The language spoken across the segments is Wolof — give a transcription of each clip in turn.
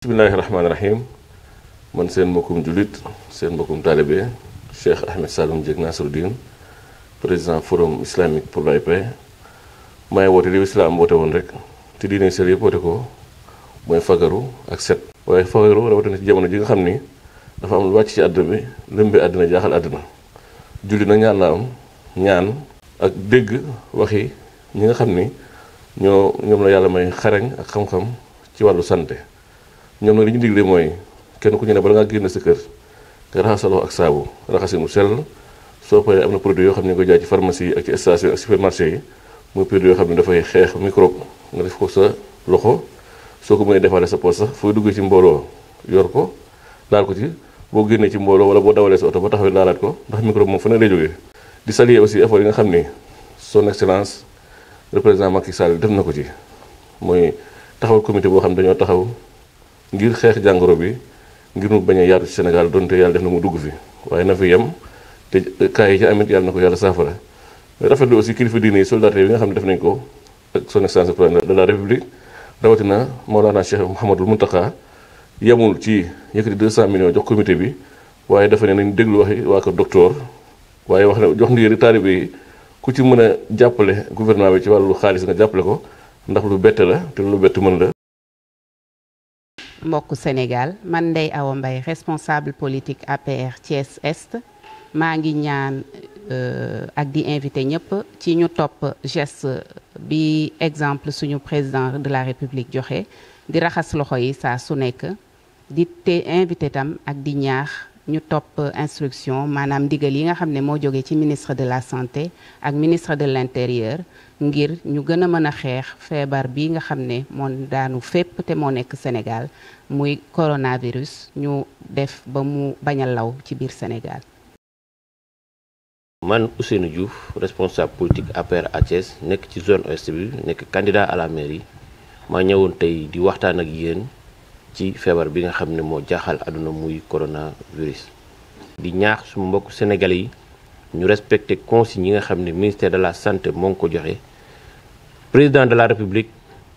bismillahi rahmaani rahim man seen mbokkum jullit seen mbokkum taalibe Cheikh Ahmed Saloum Dieng Nasruddin président forum islamique pour la paix may woote li islam woote woon rek te diine sër yëpp woote ko mooy fagaru ak set waaye fagaru rawatina ci jamono ji nga xam ni dafa am lu wàcc ci àdduna bi lëmbe àdduna jaaxal àdduna jullit nag ñaan la am ñaan ak dégg waxi ñi nga xam ni ñoo ñoom la yàlla may xarañ ak xam-xam ci wàllu santé ñoom nag li ñu digle mooy kenn ku ñu ne bala ngaa génn sa kër nga raxasaloo ak saabu raxasi mu sell soo paree am na produit yoo xam ne nga jaay ci pharmacie yi ak ci station ak yoo xam ne dafay xeex microbe nga def ko sa loxo soo ko mënee defaale sa poche sax fooy duggee ci mbooloo yor ko laal ko ci boo génnee ci mbooloo wala boo dawalee sa oto ba taxawee laalaat ko ndax microbe moom fa ne lay jógee di saluer aussi effort yi nga xam ni son excellence le président Macky Sall def na ko ci mooy taxawal comité boo xam ne dañoo taxaw ngir xeex jàngoro bi ngir mu bañ a yaatu ci Sénégal donte yàlla def na mu dugg fi waaye na fi yem te kaay yi ci amit yàlla na ko yàlla saafara rafetlu aussi kilifa diine yi solidarité bi nga xam ne def nañ ko ak son excellence président de la république rawatina Maolana Cheikh Mouhamadul Mountakha yemul ci yëkkati sant millions jox comité bi waaye dafa ne nañ déglu waxi waa ko docteur waaye wax ne jox ndigal taalibe yi ku ci mën a jàppale gouvernement bi ci wàllu xaalis nga jàppale ko ndax lu bett la te lu bett mën la. Mok Sénégal man Ndeye Awa responsable politique APR Thiès Est m'a ngi ñaan euh, ak di invité ñëpp ci ñu topp bi exemple suñu président de la République joxe di raxas loxo yi su di invité tam ak di ñu top instruction madame ndigal yi nga xamné mo moo ci ministre de la santé ak ministre de l'intérieur ngir ñu gëna mëna mën fièvre bi nga xamné mo daanu fépp té mo nek Sénégal muy coronavirus ñu def ba mu bañ law ci biir Sénégal. man Ousseynou Diouf responsable politique APR à Thiès nekk ci zone ouest bi nek candidat à la mairie ma ñëwon tay di waxtaan ak yeen ci feebar bi nga xam ne virus. jaaxal àdduna muy coronavirus di ñaax suñu mbokk sénégalais yi ñu respecté consigne yi nga xam ministère de la santé ko joxe président de la république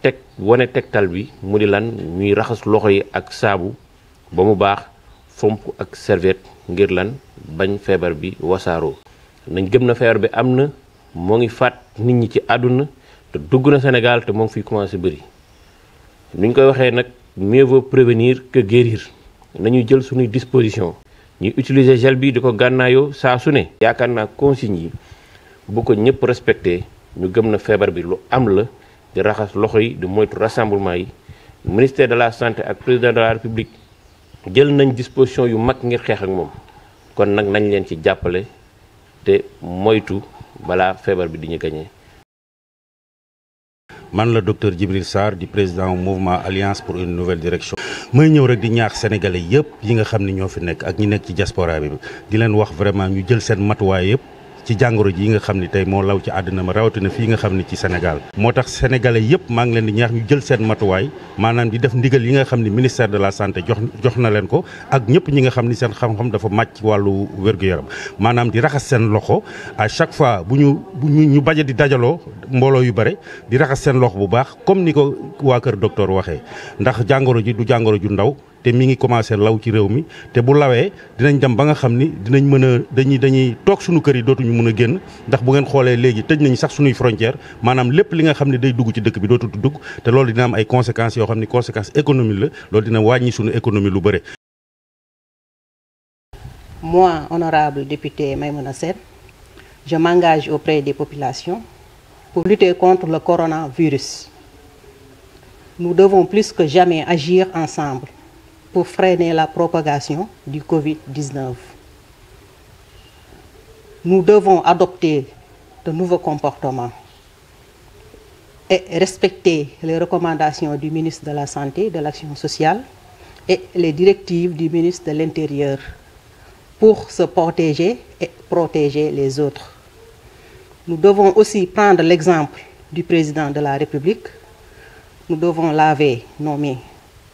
tek wane Tek bi mu lan ñuy raxas loxo yi ak sabu ba mu baax fomp ak serviette ngir lan bañ feebar bi wasaaroo nañ gëm na feebar bi am na ngi faat nit ñi ci àdduna te dugg na sénégal te moo ngi fiy commencé bëri niñ koy mieux vaut prévenir que guérir nañu jël suñuy disposition ñu utiliser gel bi di ko gànnaayoo saa su ne yaakaar naa consignes yi bu ko ñëpp respecté ñu gëm na feebar bi lu am la di raxas loxo yi di moytu rassemblement yi ministère de la santé ak président de la république jël nañ disposition yu mag ngir xeex ak moom kon nag nañ leen ci jàppale te moytu balaa feebar bi di ñu gañee man la docteur Djibril Sarr du président mouvement alliance pour une nouvelle direction may ñëw rek di ñaax sénégalais yépp yi nga xamni ñoo fi nek ak ñi nek ci diaspora bi di len wax vraiment ñu jël sen matuwa yépp ci jàngoro ji yi nga xam ni tey moo law ci àddina ma rawatina fii nga xam ni ci Sénégal moo tax sénégalais yëpp maa ngi leen di ñaax ñu jël seen matuwaay maanaam di def ndigal yi nga xam ni ministère de la sante jox jox na leen ko ak ñëpp ñi nga xam ni seen xam-xam dafa màcc wàllu wér yaram maanaam di raxas seen loxo à chaque fois bu ñu bu ñu baje di dajaloo mbooloo yu bare di raxas seen loxo bu baax comme ni ko waa kër docteur waxee ndax jàngoro ji du jàngoro ju ndaw té mi ngi commencer law ci réew mi té bu lawé dinañ dem ba nga xamni dinañ mëna dañuy dañuy tok suñu kër yi dootuñu ñu mëna genn ndax bu ngeen xolé légui tej nañ sax suñuy frontière manam lepp li nga xamni day dugg ci dëkk bi dootul dugg té loolu dina am ay conséquences yo xamni conséquences économiques la loolu dina wàññi suñu économie lu bëré Moi, honorable député Maïmouna Sène, je m'engage auprès des populations pour lutter contre le coronavirus. Nous devons plus que jamais agir ensemble pour freiner la propagation du Covid-19. Nous devons adopter de nouveaux comportements et respecter les recommandations du ministre de la Santé de l'Action sociale et les directives du ministre de l'Intérieur pour se protéger et protéger les autres. Nous devons aussi prendre l'exemple du président de la République. Nous devons laver nommé.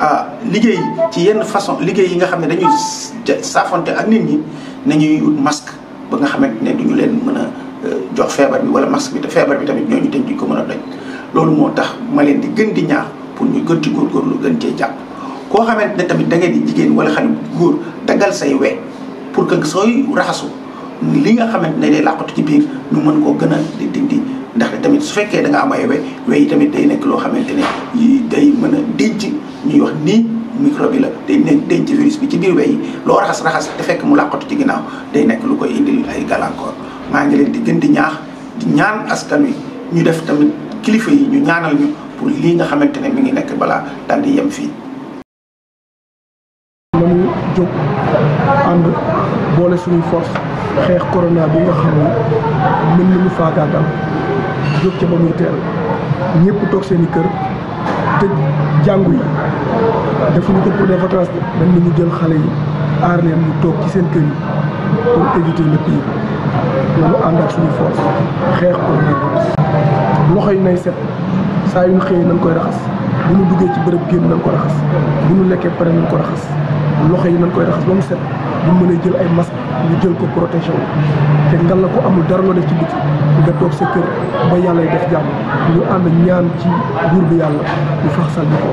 Ah, liggéey ci yenn façon liggéey yi nga xam ne dañuy saafonte ak nit ñi nañuy ut masque ba nga xamante ne duñu leen mën a euh, jox feebar bi wala masque bi te feebar bi tamit ñooñu dañ duñ ko mën a doj loolu moo tax ma leen di gën di ñaax pour ñu gën ci góorgóorlu gën cee jàpp koo xamante ne tamit da di jigéen wala xale gur góor dagal say we pour que sooy raxasu li nga xamante ne day làqatu ci biir ñu mën koo gën a di dindi ndax tamit su fekkee da nga am ay we we yi tamit day nekk loo xamante ne day mën a ñuy wax ni microbe la day nekk denc virus bi ci biir wey loo raxas raxas te fekk mu làqatu ci ginnaaw day nekk lu koy indil ay gàllankoor maa ngi leen di gën di ñaax di ñaan askan wi ñu def tamit kilifa yi ñu ñaanal ñu pour lii nga xamante ne mi ngi nekk balaa dal di yem fii. nañu jóg ànd boole suñuy force xeex corona bi nga xam ne mën nañu faagaagal jóg ca ba muy teel ñëpp toog seen i kër tëj jàngu yi defuñu ko pour des vacances dañ nañu jël xale yi aar leen mu toog ci seen kër yi pour éviter le pire loolu ànd ak suñu force xeex ko nekk loxo yi nay set saa yu ñu xëyee nañ koy raxas bu ñu duggee ci bërëb génn nañ ko raxas bu ñu lekkee pare nañ ko raxas loxo yi nañ koy raxas ba mu set bu mënee jël ay masque ñu jël ko protection te ngal la ko amul dara loo def ci biti nga toog sa kër ba yàlla def jàmm ñu ànd ñaan ci buur bi yàlla ñu faxsal ñu ko